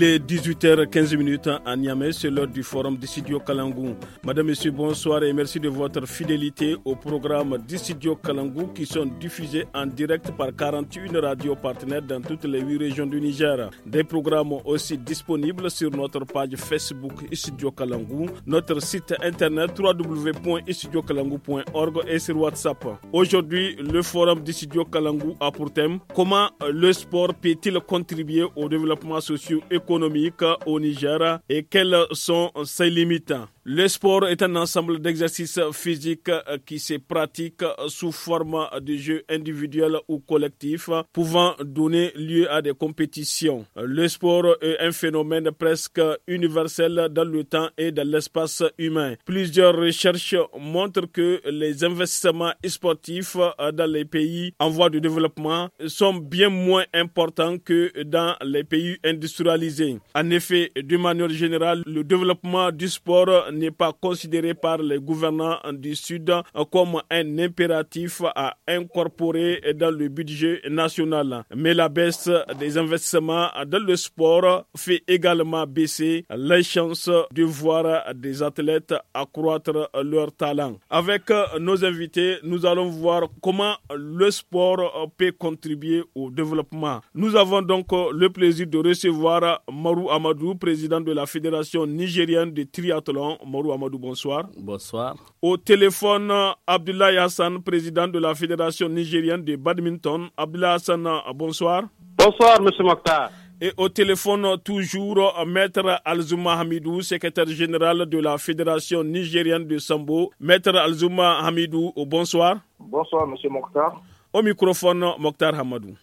Il est 18h15 à Niamey, c'est l'heure du forum Dissidio Kalangou. Madame, Monsieur, bonsoir et merci de votre fidélité au programme Dissidio Kalangou qui sont diffusés en direct par 41 radios partenaires dans toutes les 8 régions du Niger. Des programmes aussi disponibles sur notre page Facebook Studio Kalangou, notre site internet www.istudiokalangou.org et sur WhatsApp. Aujourd'hui, le forum Dissidio Kalangou a pour thème Comment le sport peut-il contribuer au développement social et économique au Niger et quelles sont ses limites. Le sport est un ensemble d'exercices physiques euh, qui se pratiquent euh, sous forme de jeux individuels ou collectifs, pouvant donner lieu à des compétitions. Le sport est un phénomène presque universel dans le temps et dans l'espace humain. Plusieurs recherches montrent que les investissements sportifs euh, dans les pays en voie de développement sont bien moins importants que dans les pays industrialisés. En effet, de manière générale, le développement du sport n'est pas considéré par les gouvernants du Sud comme un impératif à incorporer dans le budget national. Mais la baisse des investissements dans le sport fait également baisser les chances de voir des athlètes accroître leur talent. Avec nos invités, nous allons voir comment le sport peut contribuer au développement. Nous avons donc le plaisir de recevoir Marou Amadou, président de la Fédération nigérienne de triathlon. Morou Amadou, bonsoir. Bonsoir. Au téléphone, Abdullah Hassan, président de la Fédération nigérienne de badminton. Abdullah Hassan, bonsoir. Bonsoir, Monsieur Mokhtar. Et au téléphone, toujours, Maître Alzuma Hamidou, secrétaire général de la Fédération nigérienne de Sambo. Maître Alzuma Hamidou, bonsoir. Bonsoir, Monsieur Mokhtar. Au microphone, Mokhtar Hamadou.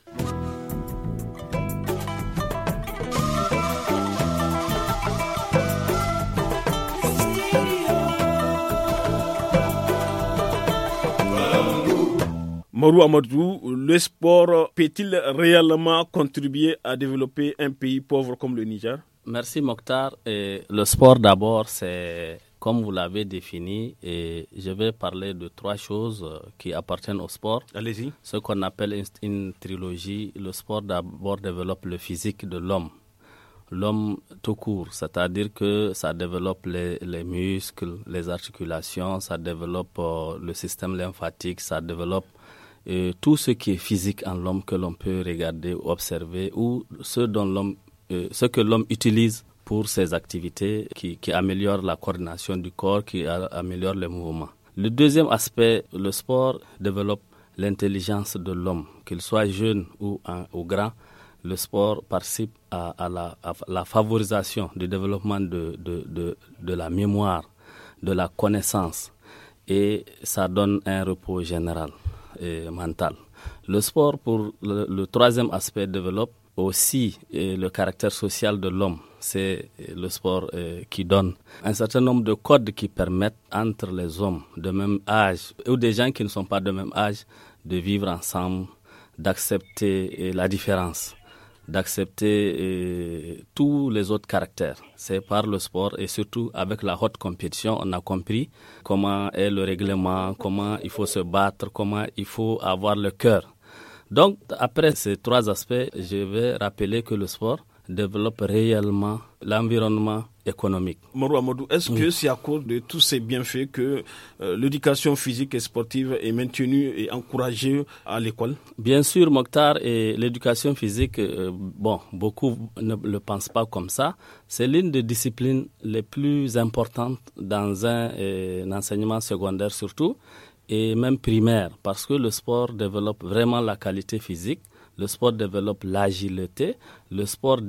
Marou Amadou, le sport peut-il réellement contribuer à développer un pays pauvre comme le Niger Merci Mokhtar. le sport d'abord, c'est comme vous l'avez défini, et je vais parler de trois choses qui appartiennent au sport. Allez-y. Ce qu'on appelle une, trilogie. Le sport d'abord développe le physique de l'homme l'homme tout court, c'est-à-dire que ça développe les, muscles, les articulations, ça développe euh, le système lymphatique, ça développe tout ce qui est physique en l'homme que l'on peut regarder, ou observer, ou ce, l'homme, euh, ce que l'homme utilise pour ses activités qui, qui améliorent la coordination du corps, qui améliorent les mouvement. Le deuxième aspect, le sport développe l'intelligence de l'homme, qu'il soit jeune ou, grand. Le sport participe à, la, favorisation du développement de, de, de, de la mémoire, de la connaissance, et ça donne un repos général et Le sport, pour le, troisième aspect, développe aussi euh, le caractère social de l'homme. C'est euh, le sport euh, qui donne un certain nombre de codes qui permettent entre les hommes de même âge ou des gens qui ne sont pas de même âge de vivre ensemble, d'accepter la différence d'accepter euh, tous les autres caractères. C'est par le sport et surtout avec la haute compétition, on a compris comment est le règlement, comment il faut se battre, comment il faut avoir le cœur. Donc, après ces trois aspects, je vais rappeler que le sport développe réellement l'environnement, économique. Moro Amadou, est-ce que c'est à cause de tous ces bienfaits que euh, l'éducation physique et sportive est maintenue et encouragée à l'école Bien sûr, Mokhtar, et l'éducation physique, euh, bon, beaucoup ne le pensent pas comme ça. C'est l'une des disciplines les plus importantes dans un euh, enseignement secondaire surtout, et même primaire, parce que le sport développe vraiment la qualité physique le sport développe l'agilité. Le sport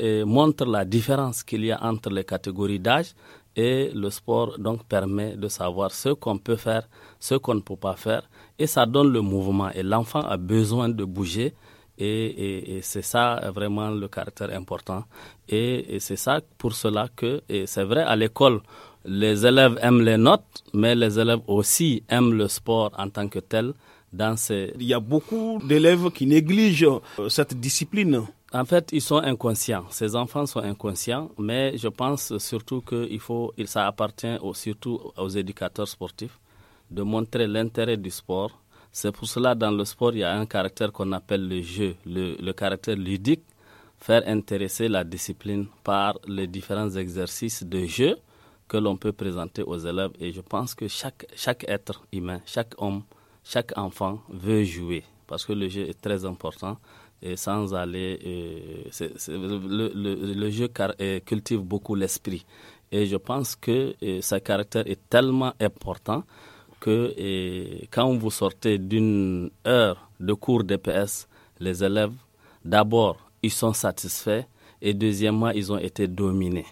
et montre la différence qu'il y a entre les catégories d'âge et le sport donc permet de savoir ce qu'on peut faire, ce qu'on ne peut pas faire et ça donne le mouvement et l'enfant a besoin de bouger et, c'est ça vraiment le caractère important et, et c'est ça pour cela que c'est vrai à l'école les élèves aiment les notes mais les élèves aussi aiment le sport en tant que tel il y a beaucoup d'élèves qui négligent euh, cette discipline. En fait, ils sont inconscients. Ces enfants sont inconscients, mais je pense surtout que il faut, ça appartient surtout aux éducateurs sportifs de montrer l'intérêt du sport. C'est pour cela, dans le sport, il y a un caractère qu'on appelle le jeu, le, le caractère ludique, faire intéresser la discipline par les différents exercices de jeu que l'on peut présenter aux élèves. Et je pense que chaque, chaque être humain, chaque homme, chaque enfant veut jouer parce que le jeu est très important et sans aller. Euh, le, jeu euh, cultive beaucoup l'esprit et je pense que euh, ce sa caractère est tellement important que quand vous sortez d'une heure de cours d'EPS, les élèves, d'abord, ils sont satisfaits et deuxièmement, ils ont été dominés.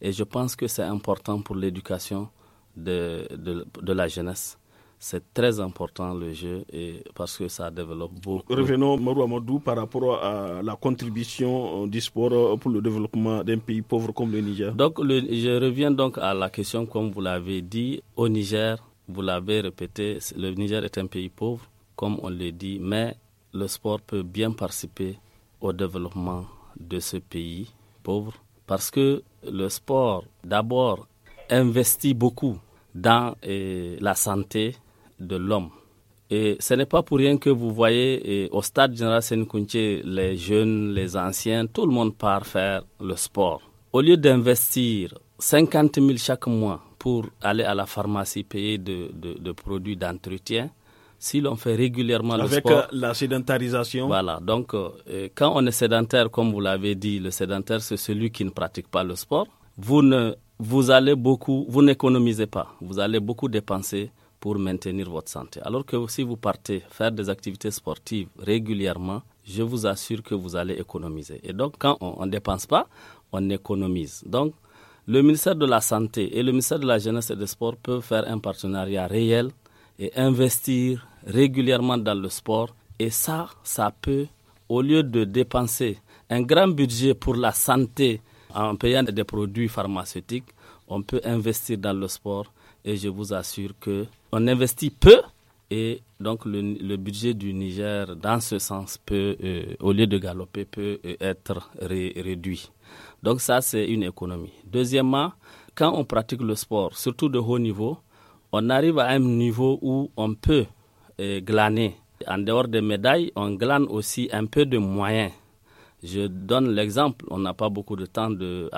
Et je pense que c'est important pour l'éducation de, de la jeunesse c'est très important le jeu et parce que ça développe beaucoup. Revenons Marou Amadou par rapport à la contribution euh, du sport euh, pour le développement d'un pays pauvre comme le Niger. Donc je reviens donc à la question comme vous l'avez dit au Niger, vous l'avez répété, le Niger est un pays pauvre comme on le dit, mais le sport peut bien participer au développement de ce pays pauvre parce que le sport d'abord investit beaucoup dans euh, la santé de l'homme. Et ce n'est pas pour rien que vous voyez au stade général Senkunche, les jeunes, les anciens, tout le monde part faire le sport. Au lieu d'investir 50 000 chaque mois pour aller à la pharmacie payer de, produits d'entretien, si l'on fait régulièrement le sport. Avec euh, la sédentarisation. Voilà. Donc, euh, quand on est sédentaire, comme vous l'avez dit, le sédentaire, c'est celui qui ne pratique pas le sport. Vous ne, vous allez beaucoup, vous n'économisez pas. Vous allez beaucoup dépenser pour maintenir votre santé. Alors que si vous partez faire des activités sportives régulièrement, je vous assure que vous allez économiser. Et donc, quand on ne dépense pas, on économise. Donc, le ministère de la Santé et le ministère de la Jeunesse et des Sports peuvent faire un partenariat réel et investir régulièrement dans le sport. Et ça, ça peut, au lieu de dépenser un grand budget pour la santé en payant des produits pharmaceutiques, on peut investir dans le sport et je vous assure que on investit peu et donc le, budget du Niger dans ce sens peut, euh, au lieu de galoper, peut euh, être réduit. Donc ça c'est une économie. Deuxièmement, quand on pratique le sport, surtout de haut niveau, on arrive à un niveau où on peut euh, glaner. En dehors des médailles, on glane aussi un peu de moyens. Je donne l'exemple, on n'a pas beaucoup de temps de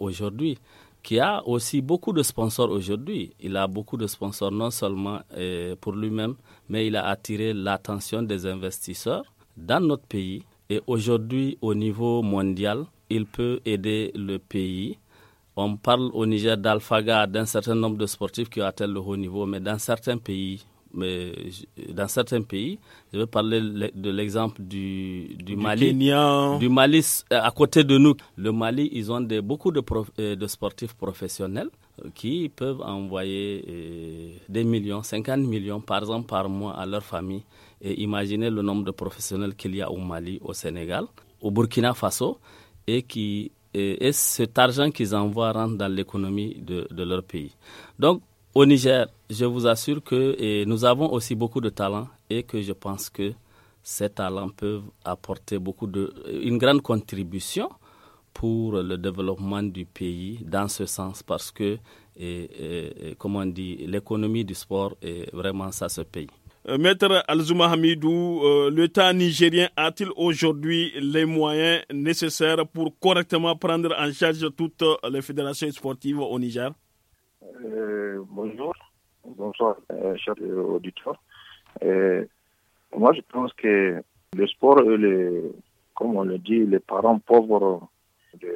aujourd'hui, qui a aussi beaucoup de sponsors aujourd'hui. Il a beaucoup de sponsors non seulement euh, pour lui-même, mais il a attiré l'attention des investisseurs dans notre pays. Et aujourd'hui, au niveau mondial, il peut aider le pays. On parle au Niger d'Alphaga, d'un certain nombre de sportifs qui atteignent le haut niveau, mais dans certains pays, mais dans certains pays, je vais parler de l'exemple du, Mali. Du Mali, euh, à côté de nous. Le Mali, ils ont beaucoup de, euh, de sportifs professionnels euh, qui peuvent envoyer des millions, 50 millions par an par mois à leur famille. Et imaginez le nombre de professionnels qu'il y a au Mali, au Sénégal, au Burkina Faso, et qui et, cet argent qu'ils envoient rentre dans l'économie de, de, leur pays. Donc, au Niger, je vous assure que nous avons aussi beaucoup de talents et que je pense que ces talents peuvent apporter beaucoup de, une grande contribution pour le développement du pays dans ce sens parce que, comme on dit, l'économie du sport est vraiment ça ce pays. Euh, maître Alzuma Hamidou, euh, l'État nigérien a-t-il aujourd'hui les moyens nécessaires pour correctement prendre en charge toutes les fédérations sportives au Niger euh, bonjour, bonsoir, euh, cher auditeur. Euh, moi, je pense que le sport, comme on le dit, les parents pauvres, de,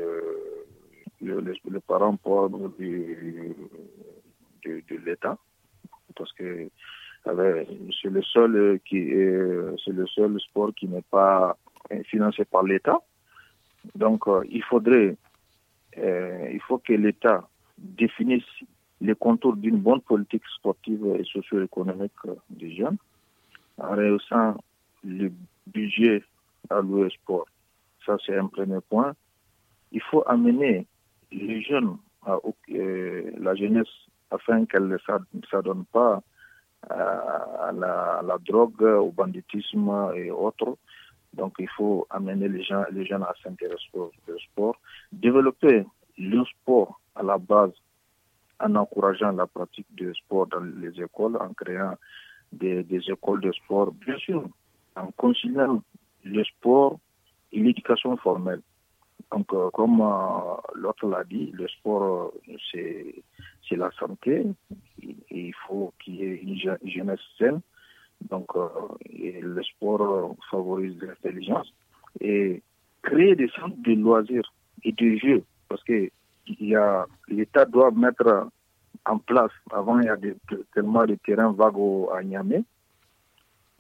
le, les parents pauvres du, de, l'État, parce que c'est le seul qui c'est le seul sport qui n'est pas financé par l'État. Donc, il faudrait, il faut que l'État définisse les contours d'une bonne politique sportive et socio-économique euh, des jeunes, en réussissant le budget à au e sport. Ça, c'est un premier point. Il faut amener les jeunes, à, euh, la jeunesse, afin qu'elle ne s'adonne pas à la, drogue, au banditisme et autres. Donc il faut amener les, gens, les jeunes à s'intéresser au sport, développer le sport à la base en encourageant la pratique du sport dans les écoles, en créant des, écoles de sport, bien sûr, en conciliant le sport et l'éducation formelle. Donc, euh, comme euh, l'autre l'a dit, le sport, euh, c'est la santé. Et, il faut qu'il y ait une, jeunesse saine. Donc, le sport favorise l'intelligence. Et créer des centres de loisirs et de jeux. Parce que y a l'État doit mettre en place. Avant, il y a tellement de terrains vagues à Niamey.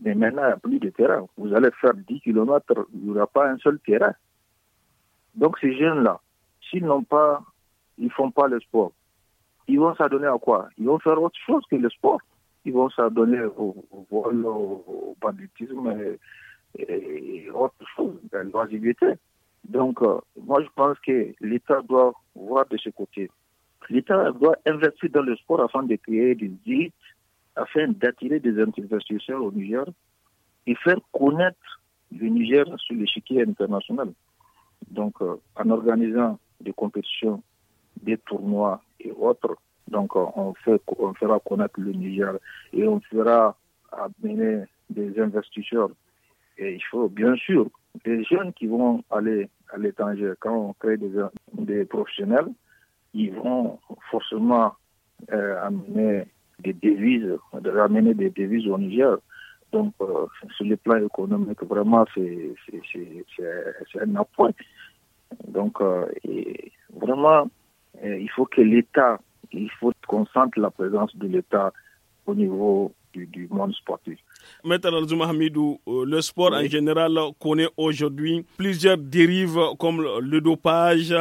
Mais maintenant, il n'y a plus de terrain. Vous allez faire 10 km, il n'y aura pas un seul terrain. Donc ces jeunes-là, s'ils n'ont pas, ils font pas le sport, ils vont s'adonner à quoi Ils vont faire autre chose que le sport. Ils vont s'adonner au, vol, au, banditisme et, autre chose, à l'oisiveté. Donc, euh, moi, je pense que l'État doit voir de ce côté. L'État doit investir dans le sport afin de créer des élites, afin d'attirer des investisseurs au Niger et faire connaître le Niger sur l'échiquier international. Donc, euh, en organisant des compétitions, des tournois et autres, donc euh, on, fait, on fera connaître le Niger et on fera amener des investisseurs. Et il faut bien sûr des jeunes qui vont aller à l'étranger. Quand on crée des, professionnels, ils vont forcément euh, amener des devises, ramener des devises au Niger. Donc, euh, sur le plan économique, vraiment, c'est un appoint Donc, euh, vraiment, il faut que l'État, il faut qu'on sente la présence de l'État au niveau du monde sportif. Maître Alzouma euh, le sport en général connaît aujourd'hui plusieurs dérives comme le dopage,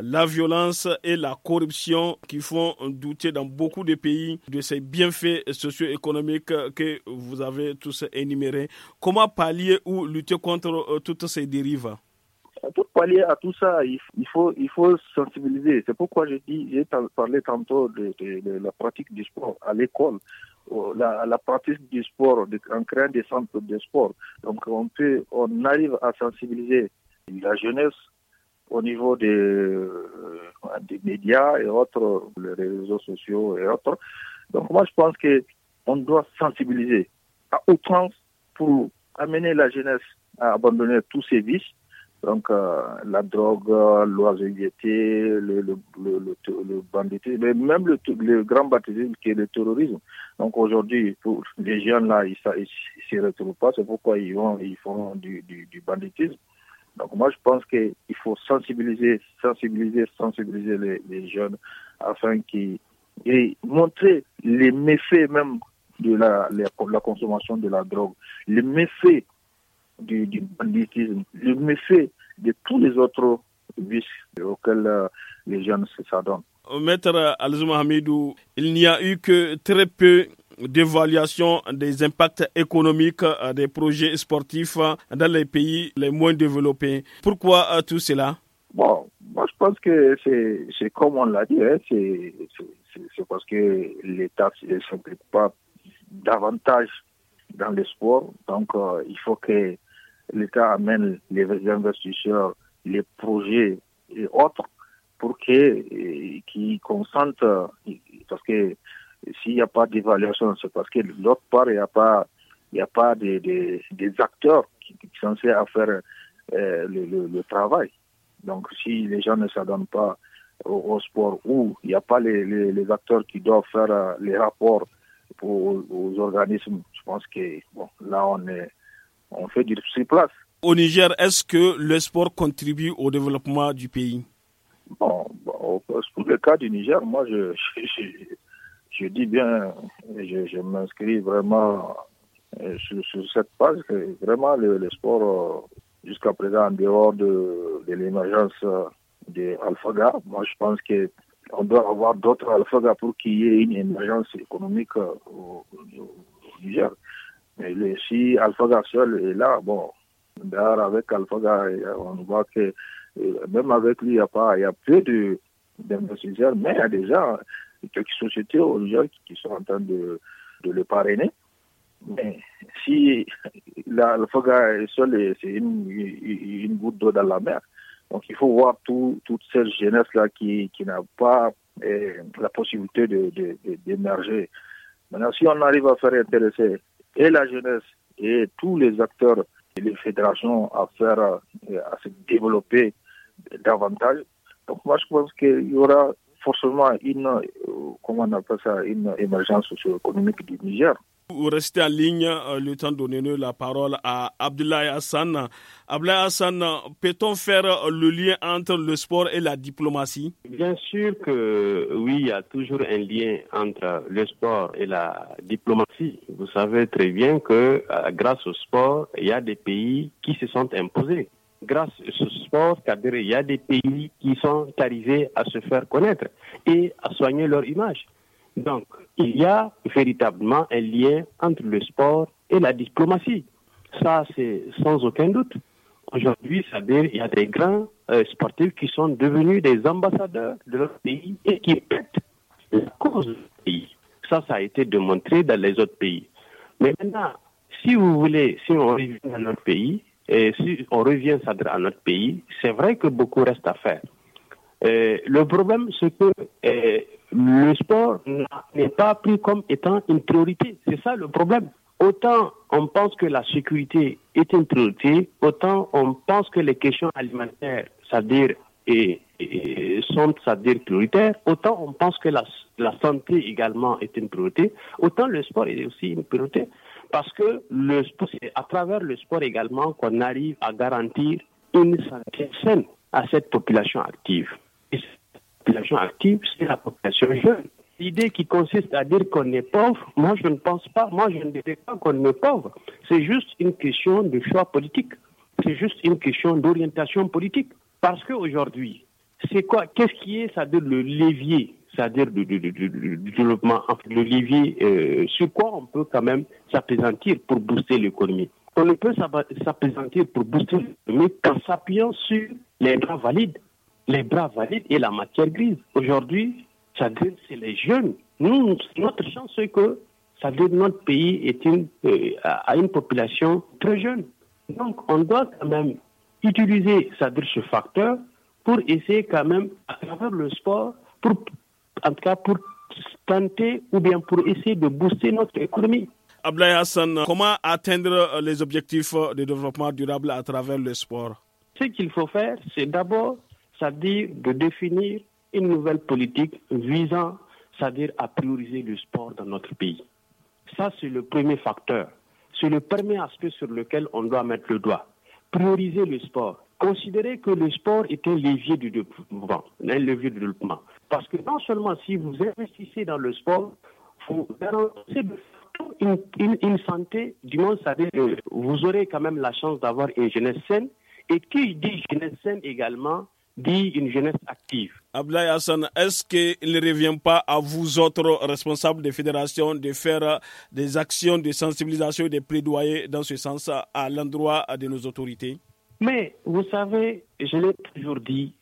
la violence et la corruption qui font douter dans beaucoup de pays de ces bienfaits socio-économiques que vous avez tous énumérés. Comment pallier ou lutter contre euh, toutes ces dérives pour pallier à tout ça, il faut, il faut sensibiliser. C'est pourquoi j'ai dis, j'ai parlé tantôt de, la pratique du sport à l'école, la, la, pratique du sport en créant des centres de sport. Donc on peut, on arrive à sensibiliser la jeunesse au niveau euh, des, médias et autres, les réseaux sociaux et autres. Donc moi je pense que on doit sensibiliser à outrance pour amener la jeunesse à abandonner tous ses vices donc euh, la drogue, l'oisiveté, le, le, le, le, banditisme, mais même le, grand baptisme qui est le terrorisme. Donc aujourd'hui, pour les jeunes là, ils ne s'y retrouvent pas, c'est pourquoi ils, vont, ils font du, du, du banditisme. Donc moi je pense qu'il faut sensibiliser, sensibiliser, sensibiliser les, jeunes afin qu'ils montrent les méfaits même de la, la, la, consommation de la drogue, les méfaits du, du, banditisme, le méfait de tous les autres vices auxquels euh, les jeunes s'adonnent. Euh, maître Alzuma Hamidou, il n'y a eu que très peu d'évaluation des impacts économiques euh, des projets sportifs dans les pays les moins développés. Pourquoi tout cela Bon, moi je pense que c'est comme on l'a dit, hein, c'est parce que l'État ne s'implique pas davantage dans le sport. Donc il faut que l'État amène les investisseurs, les projets et autres pour qu'ils qui consentent, parce que s'il n'y a pas d'évaluation, c'est parce que de l'autre part, il n'y a pas, il y a pas des, des, acteurs qui, sont censés à faire euh, le, le, travail. Donc, si les gens ne s'adonnent pas au, sport ou il n'y a pas les, les, acteurs qui doivent faire euh, les rapports pour, aux, aux organismes, je pense que bon, là, on est on fait du sur place. Au Niger, est-ce que le sport contribue au développement du pays Bon, pour le cas du Niger, moi, je, je, dis bien, je, m'inscris vraiment euh, sur, cette page vraiment le, sport, euh, jusqu'à présent, en dehors de, de l'émergence euh, de moi, je pense que on doit avoir d'autres AlphaGa pour qu'il y ait une émergence économique au Niger. Et si Alphaga seul est là, bon, d'ailleurs avec Alphaga eh, on voit que eh, même avec lui, il y a pas, il y a peu de d'investisseurs, mais il y a déjà quelques sociétés au gens qui sont en train de, de le parrainer. Mais si Alphaga est seul, c'est une, une goutte d'eau dans la mer. Donc il faut voir toute cette jeunesse-là qui, qui n'a pas eh, la possibilité d'émerger. De, de, Maintenant, si on arrive à faire intéresser et la jeunesse et tous les acteurs et les fédérations à faire, euh, à se développer davantage. Donc moi je pense qu'il y aura forcément une, euh, comment on appelle ça, une émergence socio-économique du Niger. Restez en ligne euh, le temps de donner la parole à Abdoulaye Hassan. Abdoulaye Hassan, peut-on faire euh, le lien entre le sport et la diplomatie Bien sûr que oui, il y a toujours un lien entre le sport et la diplomatie. Vous savez très bien que euh, grâce au sport, il y a des pays qui se sont imposés grâce au sport, il y a des pays qui sont arrivés à se faire connaître et à soigner leur image. Donc, il y a véritablement un lien entre le sport et la diplomatie. Ça, c'est sans aucun doute. Aujourd'hui, il y a des grands euh, sportifs qui sont devenus des ambassadeurs de leur pays et qui pètent la cause du pays. Ça, ça a été démontré dans les autres pays. Mais maintenant, si vous voulez, si on revient à notre pays, et si on revient à notre pays, c'est vrai que beaucoup reste à faire. Euh, le problème, c'est que euh, le sport n'est pas pris comme étant une priorité. C'est ça le problème. Autant on pense que la sécurité est une priorité, autant on pense que les questions alimentaires, c'est-à-dire et, sont c'est-à-dire prioritaires, autant on pense que la, santé également est une priorité, autant le sport est aussi une priorité. Parce que le sport, c'est à travers le sport également qu'on arrive à garantir une santé saine à cette population active. La population active, c'est la population jeune. L'idée qui consiste à dire qu'on est pauvre, moi je ne pense pas, moi je ne dirais pas qu'on est pauvre. C'est juste une question de choix politique. C'est juste une question d'orientation politique. Parce qu'aujourd'hui, c'est quoi Qu'est-ce qui est, ça veut dire le levier, c'est-à-dire du, développement, enfin, le levier euh, sur quoi on peut quand même s'apesantir pour booster l'économie On ne peut s'apesantir pour booster l'économie qu'en s'appuyant sur les droits valides les bras valides et la matière grise. Aujourd'hui, ça grille c'est les jeunes. Nous, notre chance, c'est que ça notre pays est une, a euh, une population très jeune. Donc, on doit quand même utiliser ça ce facteur pour essayer quand même, à travers le sport, pour, en tout cas pour tenter ou bien pour essayer de booster notre économie. Ablaï Hassan, comment atteindre euh, les objectifs euh, de développement durable à travers le sport Ce qu'il faut faire, c'est d'abord c'est-à-dire de définir une nouvelle politique visant, c'est-à-dire à prioriser le sport dans notre pays. Ça, c'est le premier facteur. C'est le premier aspect sur lequel on doit mettre le doigt. Prioriser le sport. Considérer que le sport est un levier du développement, un levier du développement. Parce que non seulement si vous investissez dans le sport, vous garantissez une, santé, du moins, dire euh, vous aurez quand même la chance d'avoir une jeunesse saine. Et qui dit jeunesse saine également, dit une jeunesse active. Abdoulaye Hassan, est-ce qu'il ne revient pas à vous autres responsables des fédérations de faire des actions de sensibilisation et de plaidoyer dans ce sens à l'endroit de nos autorités Mais vous savez, je l'ai toujours dit,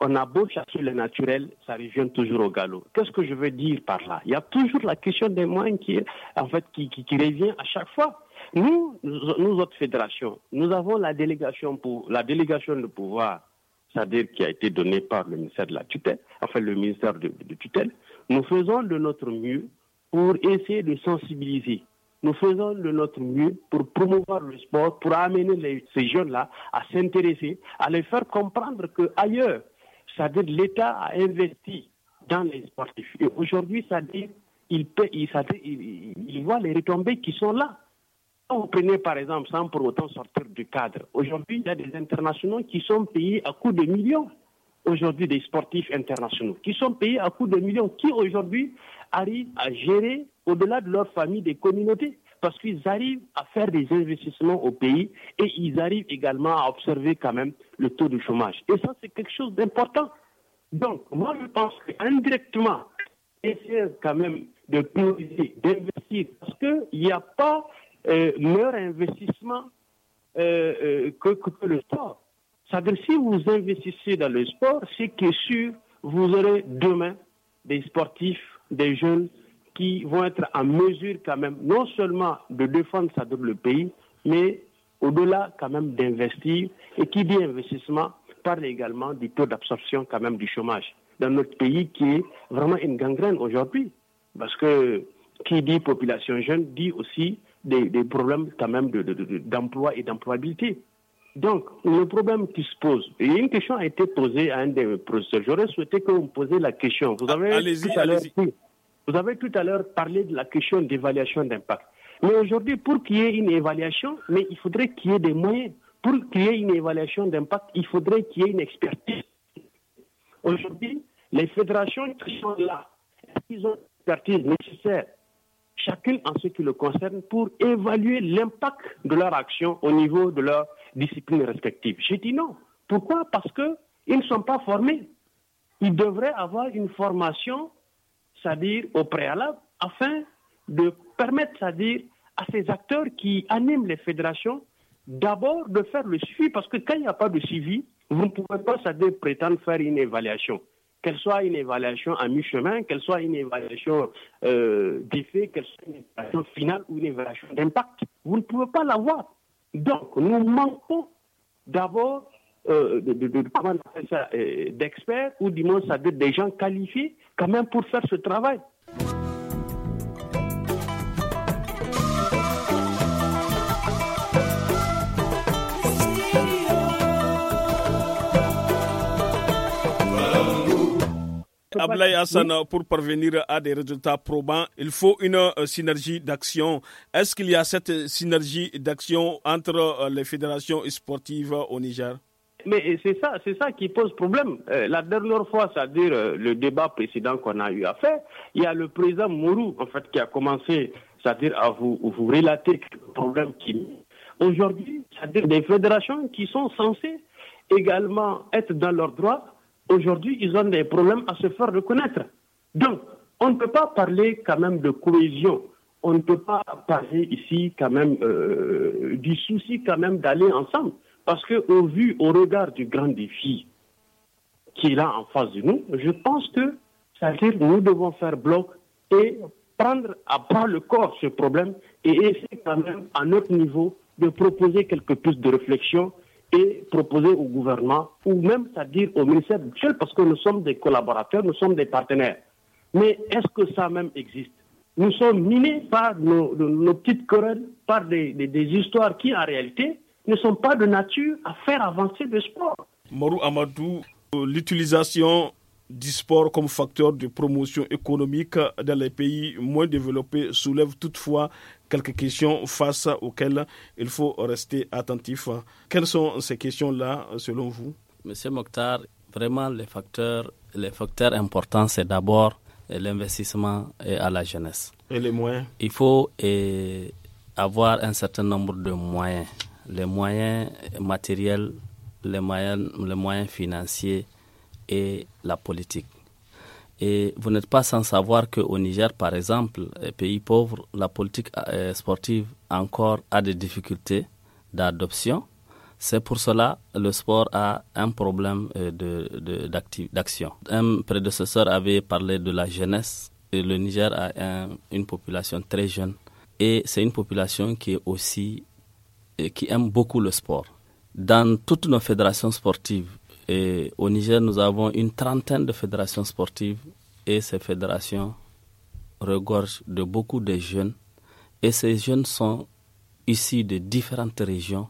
on a beau chercher le naturel, ça revient toujours au galop. Qu'est-ce que je veux dire par là Il y a toujours la question des moyens qui, en fait, qui, revient à chaque fois. Nous, nous, nous autres fédérations, nous avons la délégation pour la délégation de pouvoir c'est-à-dire qui a été donné par le ministère de la tutelle, enfin le ministère de, tutelle, nous faisons de notre mieux pour essayer de sensibiliser. Nous faisons de notre mieux pour promouvoir le sport, pour amener ces jeunes-là à s'intéresser, à les faire comprendre que c'est-à-dire l'État a investi dans les sportifs. Et aujourd'hui, cest à il, il, il voit les retombées qui sont là vous prenez par exemple, sans pour autant sortir du cadre, aujourd'hui, il y a des internationaux qui sont payés à coups de millions. Aujourd'hui, des sportifs internationaux qui sont payés à coups de millions, qui aujourd'hui arrivent à gérer au-delà de leur famille des communautés parce qu'ils arrivent à faire des investissements au pays et ils arrivent également à observer quand même le taux de chômage. Et ça, c'est quelque chose d'important. Donc, moi, je pense qu'indirectement, essayer quand même de prioriser, d'investir, parce qu'il n'y a pas meilleur euh, investissement euh, euh, que, le sport. C'est-à-dire, si vous investissez dans le sport, c'est que sûr, vous aurez demain des sportifs, des jeunes qui vont être en mesure quand même non seulement de défendre sa double pays, mais au-delà quand même d'investir. Et qui dit investissement parle également du taux d'absorption quand même du chômage dans notre pays qui est vraiment une gangrène aujourd'hui. Parce que qui dit population jeune dit aussi des, problèmes quand même d'emploi de, et d'employabilité. Donc, le problème qui se pose, et une question a été posée à un des professeurs. J'aurais souhaité que vous me posiez la question. Vous ah, avez, tout à vous avez tout à l'heure parlé de la question d'évaluation d'impact. Mais aujourd'hui, pour qu'il y ait une évaluation, mais il faudrait qu'il y ait des moyens. Pour qu'il y ait une évaluation d'impact, il faudrait qu'il y ait une expertise. Aujourd'hui, les fédérations qui sont là, ils ont l'expertise nécessaire chacune en ce qui le concerne, pour évaluer l'impact de leur action au niveau de leur discipline respective. J'ai dit non. Pourquoi Parce qu'ils ne sont pas formés. Ils devraient avoir une formation, c'est-à-dire au préalable, afin de permettre, c'est-à-dire à ces acteurs qui animent les fédérations, d'abord de faire le suivi, parce que quand il n'y a pas de suivi, vous ne pouvez pas, c'est-à-dire prétendre faire une évaluation qu'elle soit une évaluation à mi-chemin, qu'elle soit une évaluation euh, d'effet, qu'elle soit une évaluation finale ou une évaluation d'impact. Vous ne pouvez pas l'avoir. Donc, nous manquons d'abord euh, euh, d'experts ou du moins ça veut des gens qualifiés quand même pour faire ce travail. Ablaï Hassan, euh, pour parvenir à des résultats probants, il faut une euh, synergie d'action. Est-ce qu'il y a cette euh, synergie d'action entre les fédérations sportives au Niger mais c'est ça, c'est ça qui pose problème. la dernière fois, c'est-à-dire le débat précédent qu'on a eu à faire, il y a le président Mourou, en fait, qui a commencé, c'est-à-dire à vous, relater le problème qu'il Aujourd'hui, c'est-à-dire des fédérations qui sont censées également être dans leurs droits, aujourd'hui, ils ont des problèmes à se faire reconnaître. Donc, on ne peut pas parler quand même de cohésion. On ne peut pas parler ici quand même euh, du souci quand même d'aller ensemble. Parce que au vu, au regard du grand défi qui est là en face de nous, je pense que, nous devons faire bloc et prendre à bras le corps ce problème et essayer quand même à notre niveau de proposer quelques plus de réflexion et proposer au gouvernement, ou même, c'est-à-dire au ministère budgétaire, parce que nous sommes des collaborateurs, nous sommes des partenaires. Mais est-ce que ça même existe Nous sommes minés par nos, petites querelles, par des, des histoires qui, en réalité, ne sont pas de nature à faire avancer le sport. Marou Amadou, euh, l'utilisation du sport comme facteur de promotion économique dans les pays moins développés soulève toutefois quelques questions face auxquelles il faut rester attentif. Quelles sont ces questions-là selon vous Monsieur Mokhtar, vraiment les facteurs, les facteurs importants, c'est d'abord euh, l'investissement à la jeunesse. Et les moyens Il faut euh, avoir un certain nombre de moyens. Les moyens matériels, les moyens financiers et la politique. Et vous n'êtes pas sans savoir qu'au Niger, par exemple, pays pauvre, la politique euh, sportive encore a des difficultés d'adoption. C'est pour cela que le sport a un problème d'action. Euh, de, d'action. un prédécesseur avait parlé de la jeunesse. Et le Niger a une population très jeune. Et c'est une population qui est aussi euh, qui aime beaucoup le sport. Dans toutes nos fédérations sportives, au Niger, nous avons une trentaine de fédérations sportives et ces fédérations regorgent de beaucoup de jeunes. Et ces jeunes sont issus de différentes régions,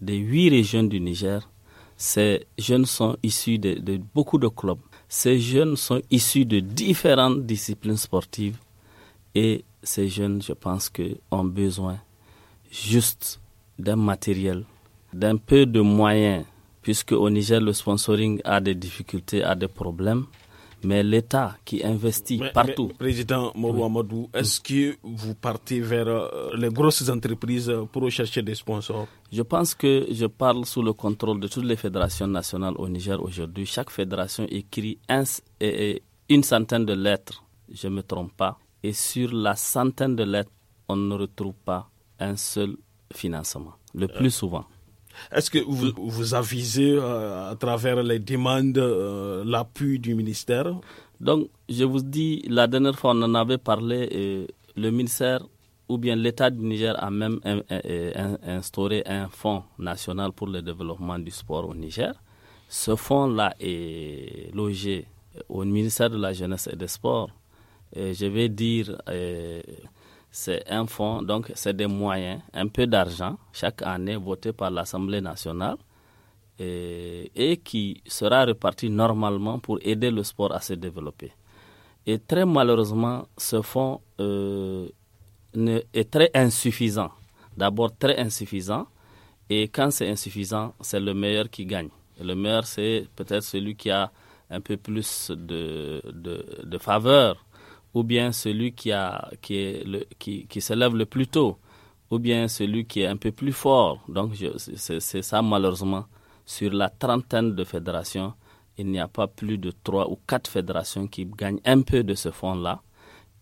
des huit régions du Niger. Ces jeunes sont issus de, beaucoup de clubs. Ces jeunes sont issus de différentes disciplines sportives. Et ces jeunes, je pense que, ont besoin juste d'un matériel, d'un peu de moyens puisque au Niger, le sponsoring a des difficultés, a des problèmes. Mais l'État qui investit partout. président Morou est-ce que vous partez vers euh, les grosses entreprises pour rechercher des sponsors Je pense que je parle sous le contrôle de toutes les fédérations nationales au Niger aujourd'hui. Chaque fédération écrit une centaine de lettres, je ne me trompe pas. Et sur la centaine de lettres, on ne retrouve pas un seul financement, le euh, plus souvent. Est-ce que vous, vous avisez euh, à travers les demandes euh, l'appui du ministère Donc, je vous dis, la dernière fois, on en avait parlé, le ministère ou bien l'État du Niger a même instauré un fonds national pour le développement du sport au Niger. Ce fonds-là est logé au ministère de la Jeunesse et des Sports. Et je vais dire, euh, c'est un fonds, donc c'est des moyens, un peu d'argent chaque année voté par l'Assemblée nationale et, qui sera réparti normalement pour aider le sport à se développer. Et très malheureusement, ce fonds euh, est très insuffisant. D'abord très insuffisant et quand c'est insuffisant, c'est le meilleur qui gagne. le meilleur, c'est peut-être celui qui a un peu plus de, de, de faveur ou bien celui qui, a, qui, le, qui, qui se lève le plus tôt, ou bien celui qui est un peu plus fort. Donc c'est ça malheureusement. Sur la trentaine de fédérations, il n'y a pas plus de trois ou quatre fédérations qui gagnent un peu de ce fonds-là.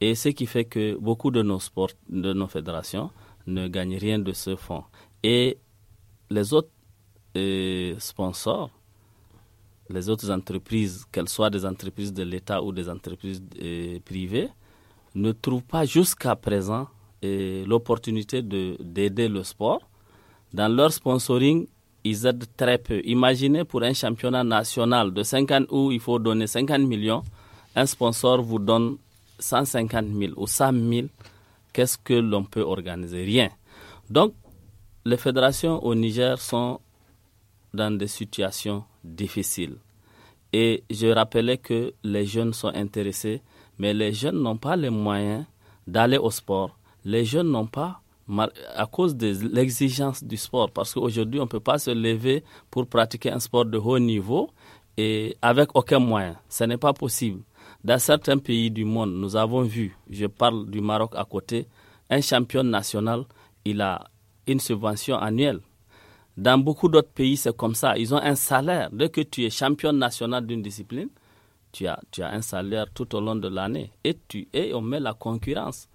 Et ce qui fait que beaucoup de nos sports, de nos fédérations, ne gagnent rien de ce fonds. Et les autres euh, sponsors les autres entreprises, qu'elles soient des entreprises de l'État ou des entreprises euh, privées, ne trouvent pas jusqu'à présent euh, l'opportunité d'aider le sport. Dans leur sponsoring, ils aident très peu. Imaginez pour un championnat national de 50 où il faut donner 50 millions, un sponsor vous donne 150 000 ou 100 000. Qu'est-ce que l'on peut organiser Rien. Donc, les fédérations au Niger sont dans des situations difficile. Et je rappelais que les jeunes sont intéressés, mais les jeunes n'ont pas les moyens d'aller au sport. Les jeunes n'ont pas, à cause de l'exigence du sport, parce qu'aujourd'hui, on ne peut pas se lever pour pratiquer un sport de haut niveau et avec aucun moyen. Ce n'est pas possible. Dans certains pays du monde, nous avons vu, je parle du Maroc à côté, un champion national, il a une subvention annuelle dans beaucoup d'autres pays, c'est comme ça. Ils ont un salaire. Dès que tu es champion national d'une discipline, tu as, tu as un salaire tout au long de l'année. Et, tu, et on met la concurrence.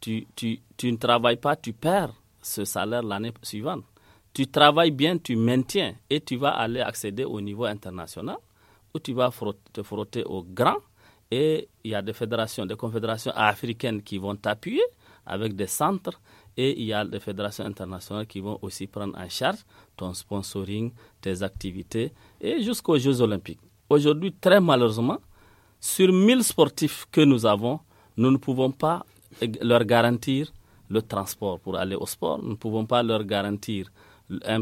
Tu, tu, tu ne travailles pas, tu perds ce salaire l'année suivante. Tu travailles bien, tu maintiens et tu vas aller accéder au niveau international où tu vas te frotter aux grands. Et il y a des fédérations, des confédérations africaines qui vont t'appuyer avec des centres et il y a les fédérations internationales qui vont aussi prendre en charge ton sponsoring, tes activités et jusqu'aux Jeux olympiques. Aujourd'hui, très malheureusement, sur 1000 sportifs que nous avons, nous ne pouvons pas leur garantir le transport pour aller au sport. Nous ne pouvons pas leur garantir euh,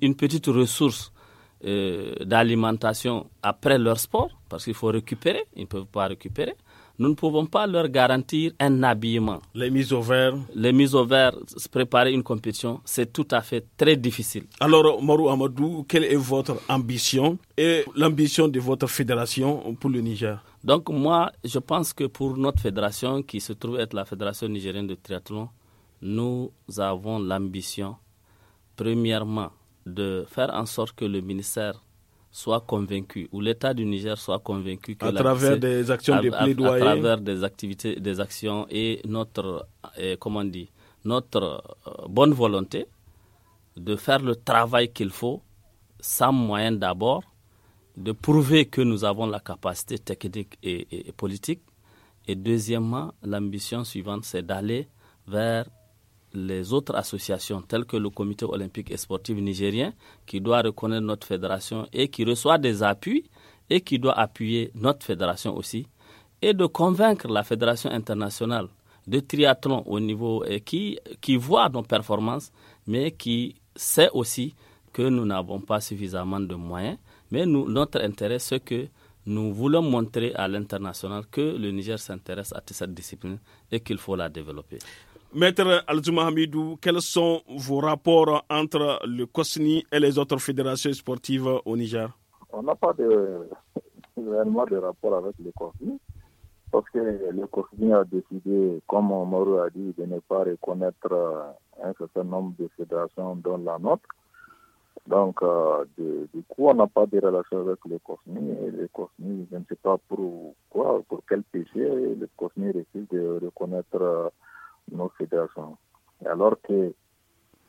une petite ressource euh, d'alimentation après leur sport, parce qu'il faut récupérer, ils ne peuvent pas récupérer nous ne pouvons pas leur garantir un habillement. Les mises au vert Les mises au vert, préparer une compétition, c'est tout à fait très difficile. Alors, Marou Amadou, quelle est votre ambition et l'ambition de votre fédération pour le Niger Donc, moi, je pense que pour notre fédération, qui se trouve être la Fédération nigérienne de triathlon, nous avons l'ambition, premièrement, de faire en sorte que le ministère soit convaincu, ou l'État du Niger soit convaincu que... À travers des actions de plaidoyer. À, travers des activités, des actions et notre, euh, comment dit, notre euh, bonne volonté de faire le travail qu'il faut, sans moyen d'abord, de prouver que nous avons la capacité technique et politique. Et deuxièmement, l'ambition suivante, c'est d'aller vers les autres associations telles que le comité olympique et sportif nigérien qui doit reconnaître notre fédération et qui reçoit des appuis et qui doit appuyer notre fédération aussi et de convaincre la fédération internationale de triathlon au niveau et qui, qui voit nos performances mais qui sait aussi que nous n'avons pas suffisamment de moyens mais notre intérêt c'est que nous voulons montrer à l'international que le Niger s'intéresse à cette discipline et qu'il faut la développer. Maître Alzuma Hamidou, quels sont vos rapports entre le COSNI et les autres fédérations sportives au Niger On n'a pas vraiment de rapport avec le COSNI, parce que le COSNI a décidé, comme Mauro a dit, de ne pas reconnaître euh, un certain nombre de fédérations dont la nôtre. Donc, euh, du coup, on n'a pas de relation avec le COSNI. Le COSNI, je ne sais pas pour quoi, pour quel péché, le COSNI refuse de reconnaître euh, nos fédérations. Alors que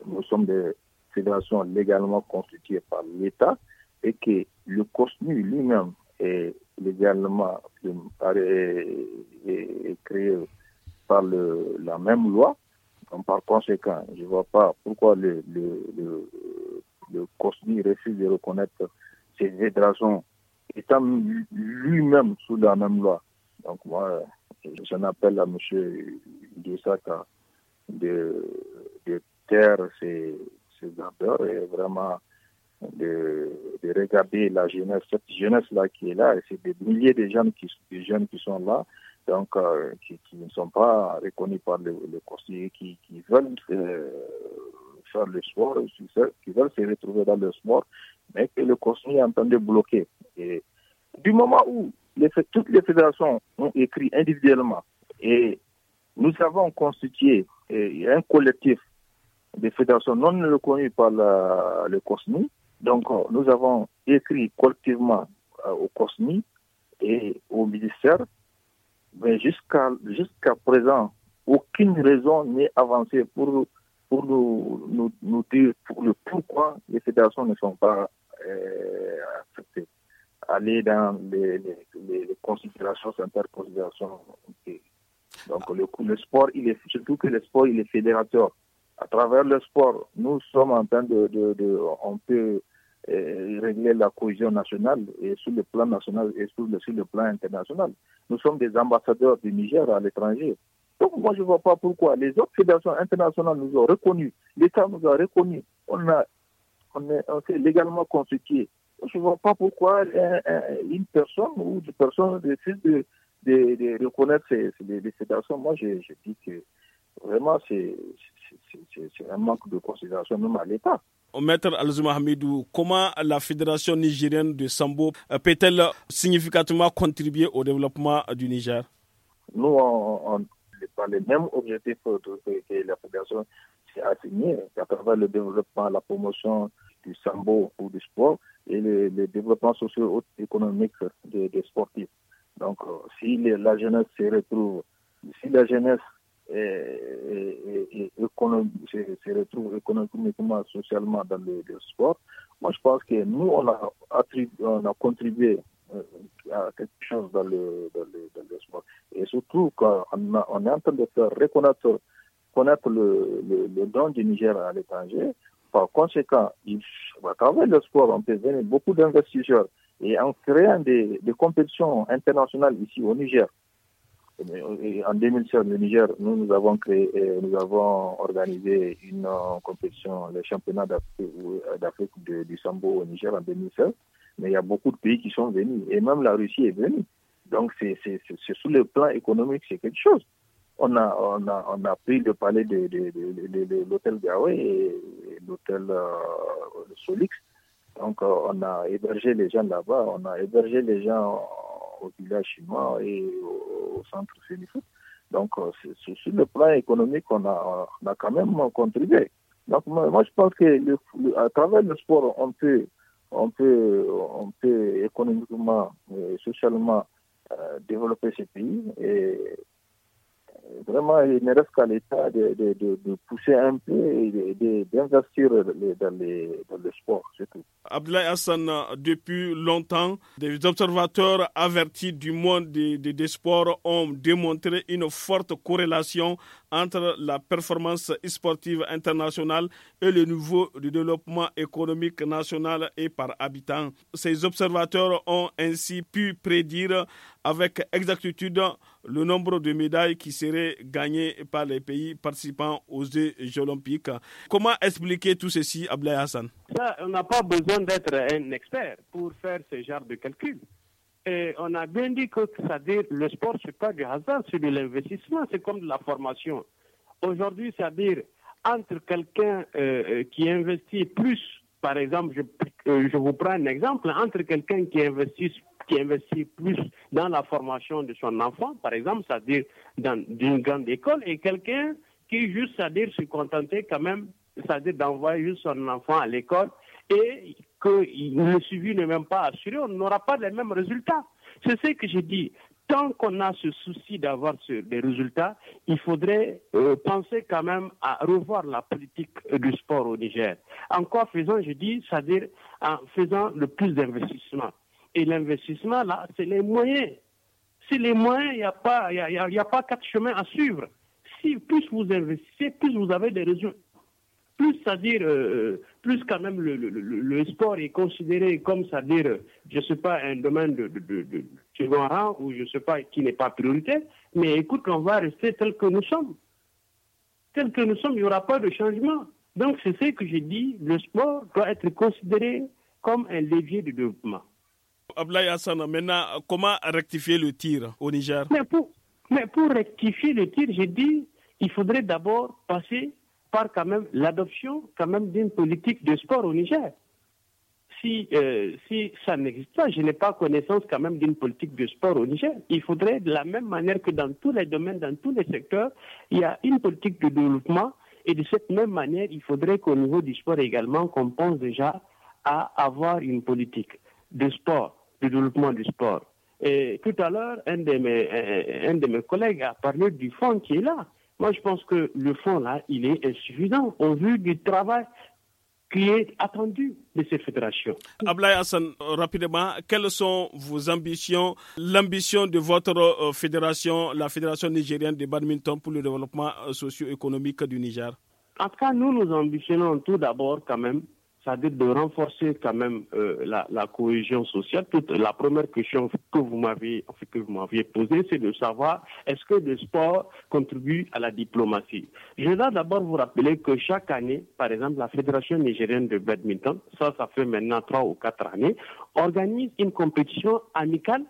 nous sommes des fédérations légalement constituées par l'État et que le contenu lui-même est légalement créé par la même loi. Donc, par conséquent, je ne vois pas pourquoi le, le, refuse de reconnaître ces fédérations étant lui-même sous la même loi. Donc moi, J'en appelle à M. Idrissaka de, taire ses, ses ardeurs et vraiment de, regarder la jeunesse, cette jeunesse-là qui est là, et c'est des milliers de jeunes qui, jeunes qui sont là, donc euh, qui, ne sont pas reconnus par le, le conseiller, qui, qui veulent euh, faire le sport, qui veulent se retrouver dans le sport, mais que le conseiller est en train de bloquer. Et du moment où toutes les fédérations ont écrit individuellement et nous avons constitué un collectif de fédérations non reconnues par la, le COSMI. Donc, euh, nous avons écrit collectivement euh, au COSMI et au ministère, mais jusqu'à jusqu'à présent, aucune raison n'est avancée pour, pour nous, dire le pourquoi les fédérations ne sont pas euh, aller dans les, les, les considérations, interconsidérations. Donc le, le, sport, il est surtout que le sport, il est fédérateur. À travers le sport, nous sommes en train de, de, on peut euh, régler la cohésion nationale et sur le plan national et sur le, le plan international. Nous sommes des ambassadeurs du Niger à l'étranger. Donc moi je ne vois pas pourquoi les autres fédérations internationales nous ont reconnus, l'État nous a reconnus, on a on, est, on s'est légalement constitué je ne vois pas pourquoi euh, euh, une personne ou des personnes décident de, reconnaître ces, décisions. Moi, je, dis que vraiment, c'est un manque de considération même à l'État. Oh, maître Alzuma Hamidou, comment la Fédération nigérienne de Sambo peut-elle significativement contribuer au développement du Niger Nous, on n'est pas les mêmes objectifs que, la Fédération s'est assignée à travers le développement, la promotion du sambo ou du sport et le, développement socio-économique des, sportifs. Donc, euh, si la jeunesse se retrouve, si la jeunesse se, retrouve économiquement, socialement dans le, sport, moi je pense que nous, on a, a contribué euh, à quelque chose dans le, dans sport. Et surtout, quand on, est en train de faire reconnaître connaître le, don du Niger à l'étranger, par conséquent, il, va le sport, on peut venir beaucoup d'investisseurs et en créant des, des, compétitions internationales ici au Niger. en 2007, le Niger, nous, nous avons créé, nous avons organisé une euh, compétition, le championnat d'Afrique euh, du Sambo au Niger en 2007. Mais il y a beaucoup de pays qui sont venus et même la Russie est venue. Donc, c'est sous le plan économique, c'est quelque chose on a, on a, pris le palais de, de, de, l'hôtel Gawé et, l'hôtel euh, Solix. Donc, euh, on a hébergé les gens là-bas, on a hébergé les gens au village chinois et au, centre Donc, euh, sur le plan économique, on a, on a quand même contribué. Donc, moi, je pense que à travers le sport, on peut, on peut, on peut économiquement, et socialement développer ce pays. Et vraiment, il ne reste qu'à l'État de, de, de, pousser un peu et d'investir dans, dans le sport, c'est tout. Abdoulaye Hassan, depuis longtemps, des observateurs avertis du monde des, des, sports ont démontré une forte corrélation entre la performance sportive internationale et le niveau de développement économique national et par habitant. Ces observateurs ont ainsi pu prédire avec exactitude le nombre de médailles qui seraient gagnées par les pays participants aux Jeux olympiques. Comment expliquer tout ceci, Ablaï Hassan on n'a pas besoin d'être un expert pour faire ce genre de calcul. Et on a bien dit que ça dire le sport, ce n'est pas du hasard, c'est de l'investissement, c'est comme de la formation. Aujourd'hui, c'est-à-dire entre quelqu'un euh, euh, qui investit plus, par exemple, je, euh, je vous prends un exemple, entre quelqu'un qui investit qui investit plus dans la formation de son enfant, par exemple, c'est-à-dire dans grande école, et quelqu'un qui juste, c'est-à-dire se contenter quand même, c'est-à-dire d'envoyer juste son enfant à l'école et que le suivi n'est même pas assuré, on n'aura pas les mêmes résultats. C'est ce que j'ai dis. Tant qu'on a ce souci d'avoir des résultats, il faudrait euh, penser quand même à revoir la politique du sport au Niger. En quoi faisant, je dis, c'est-à-dire en faisant le plus d'investissements et l'investissement, là, c'est les moyens. C'est les moyens, il n'y a, pas, quatre chemins à suivre. Si plus vous investissez, plus vous avez des raisons. Plus, c'est-à-dire, euh, plus quand même le, sport est considéré comme, c'est-à-dire, je ne sais pas, un domaine de, second rang ou je ne sais pas, qui n'est pas prioritaire. Mais écoute, on va rester tel que nous sommes. Tel que nous sommes, il n'y aura pas de changement. Donc, c'est ce que j'ai dit, le sport doit être considéré comme un levier de développement. Ablaï Hassan, maintenant, comment rectifier le tir au Niger mais pour, rectifier le tir, j'ai dit, il faudrait d'abord passer par quand même l'adoption quand même d'une politique de sport au Niger. Si, euh, si ça n'existe pas, je n'ai pas connaissance quand même d'une politique de sport au Niger. Il faudrait, de la même manière que dans tous les domaines, dans tous les secteurs, il y a une politique de développement. Et de cette même manière, il faudrait qu'au niveau du sport également, qu'on pense déjà à avoir une politique de sport du développement du sport. Et tout à l'heure, un, de mes, un de mes collègues a parlé du fonds qui est là. Moi, je pense que le fonds, là, il est insuffisant au vu du travail qui est attendu de cette fédération. Ablaï Hassan, rapidement, quelles sont vos ambitions, l'ambition de votre euh, fédération, la Fédération nigérienne de badminton pour le développement euh, socio-économique du Niger En tout cas, nous, nous ambitionnons tout d'abord quand même ça à dire de renforcer quand même euh, la, cohésion sociale. la première question que vous m'avez que vous m'aviez posée, c'est de savoir est-ce que le sport contribue à la diplomatie. Je dois d'abord vous rappeler que chaque année, par exemple, la Fédération nigérienne de badminton, ça, ça fait maintenant trois ou quatre années, organise une compétition amicale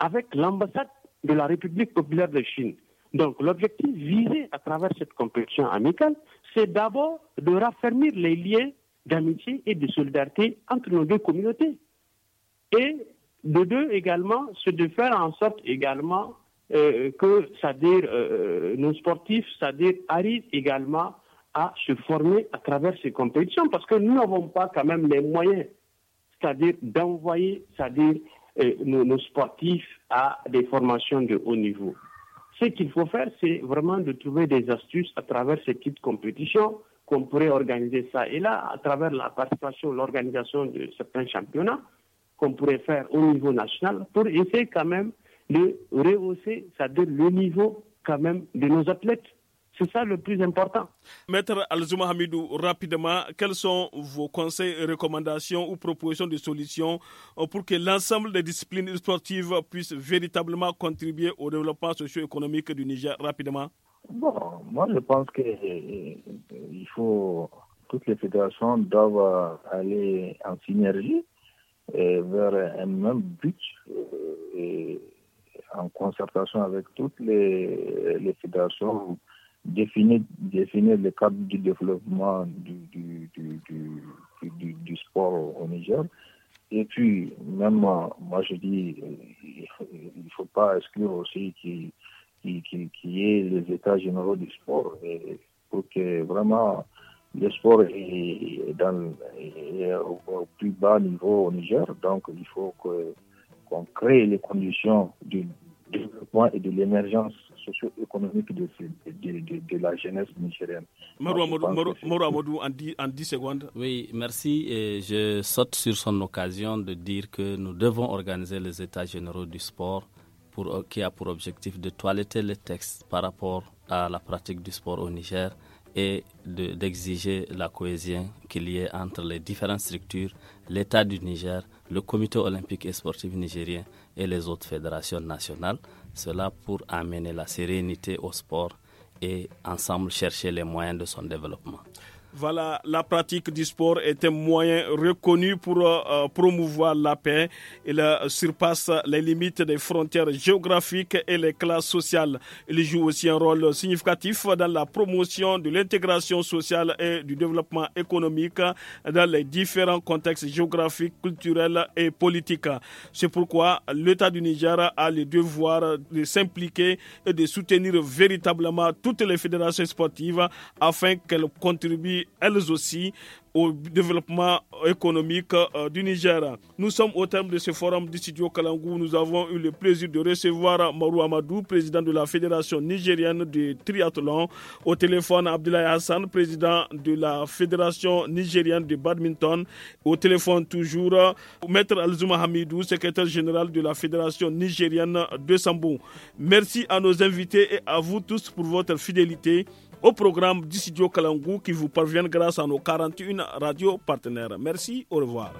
avec l'ambassade de la République populaire de Chine. Donc, l'objectif visé à travers cette compétition amicale, c'est d'abord de raffermir les liens d'amitié et de solidarité entre nos deux communautés. Et de deux également, c'est de faire en sorte également euh, que, c'est-à-dire euh, euh, nos sportifs, c'est-à-dire arrivent également à se former à travers ces compétitions, parce que nous n'avons pas quand même les moyens, c'est-à-dire d'envoyer, c'est-à-dire nos, nos sportifs à des formations de haut niveau. Ce qu'il faut faire, c'est vraiment de trouver des astuces à travers ces petites compétitions qu'on pourrait organiser ça. Et là, à travers la participation, l'organisation de certains championnats qu'on pourrait faire au niveau national pour essayer quand même de rehausser, c'est-à-dire le niveau quand même de nos athlètes. C'est ça le plus important. Maître Alzuma Hamidou, rapidement, quels sont vos conseils, recommandations ou propositions de solutions euh, pour que l'ensemble des disciplines sportives puissent véritablement contribuer au développement socio-économique du Niger rapidement Bon, moi je pense que euh, il faut toutes les fédérations doivent aller en synergie euh, vers un même but euh, et en concertation avec toutes les, fédérations définir, définir le cadre du développement du, du, du, sport au Niger. Et puis, même moi, je dis, il ne faut pas exclure aussi qu'il qui, qui, est les états généraux du sport, et pour que vraiment le sport est, dans, au, plus bas niveau au Niger. Donc, il faut qu'on crée les conditions du développement et de l'émergence socio-économique de, de, de, la jeunesse nigérienne. Moro Amadou, en, 10, secondes. Oui, merci. Et je saute sur son occasion de dire que nous devons organiser les états généraux du sport euh, qui a pour objectif de toiletter les textes par rapport à la pratique du sport au Niger et d'exiger la cohésion qu'il y ait entre les différentes structures, l'État du Niger, le Comité olympique et sportif nigérien et les autres fédérations nationales. Cela pour amener la sérénité au sport et ensemble chercher les moyens de son développement. Voilà, la pratique du sport est un moyen reconnu pour euh, euh, promouvoir la paix. Il euh, surpasse les limites des frontières géographiques et les classes sociales. Il joue aussi un rôle significatif dans la promotion de l'intégration sociale et du développement économique dans les différents contextes géographiques, culturels et politiques. C'est pourquoi l'État du Niger a le devoir de s'impliquer et de soutenir véritablement toutes les fédérations sportives afin qu'elles contribuent elles aussi au développement économique euh, du Niger. Nous sommes au terme de ce forum du studio Kalangou. Nous avons eu le plaisir de recevoir Marou Amadou, président de la Fédération nigérienne de triathlon. Au téléphone, Abdoulaye Hassan, président de la Fédération nigérienne de badminton. Au téléphone, toujours, Maître Alzuma Hamidou, secrétaire général de la Fédération nigérienne de Sambou. Merci à nos invités et à vous tous pour votre fidélité au programme d'Isidio Kalangu qui vous parvient grâce à nos 41 radios partenaires. Merci, au revoir.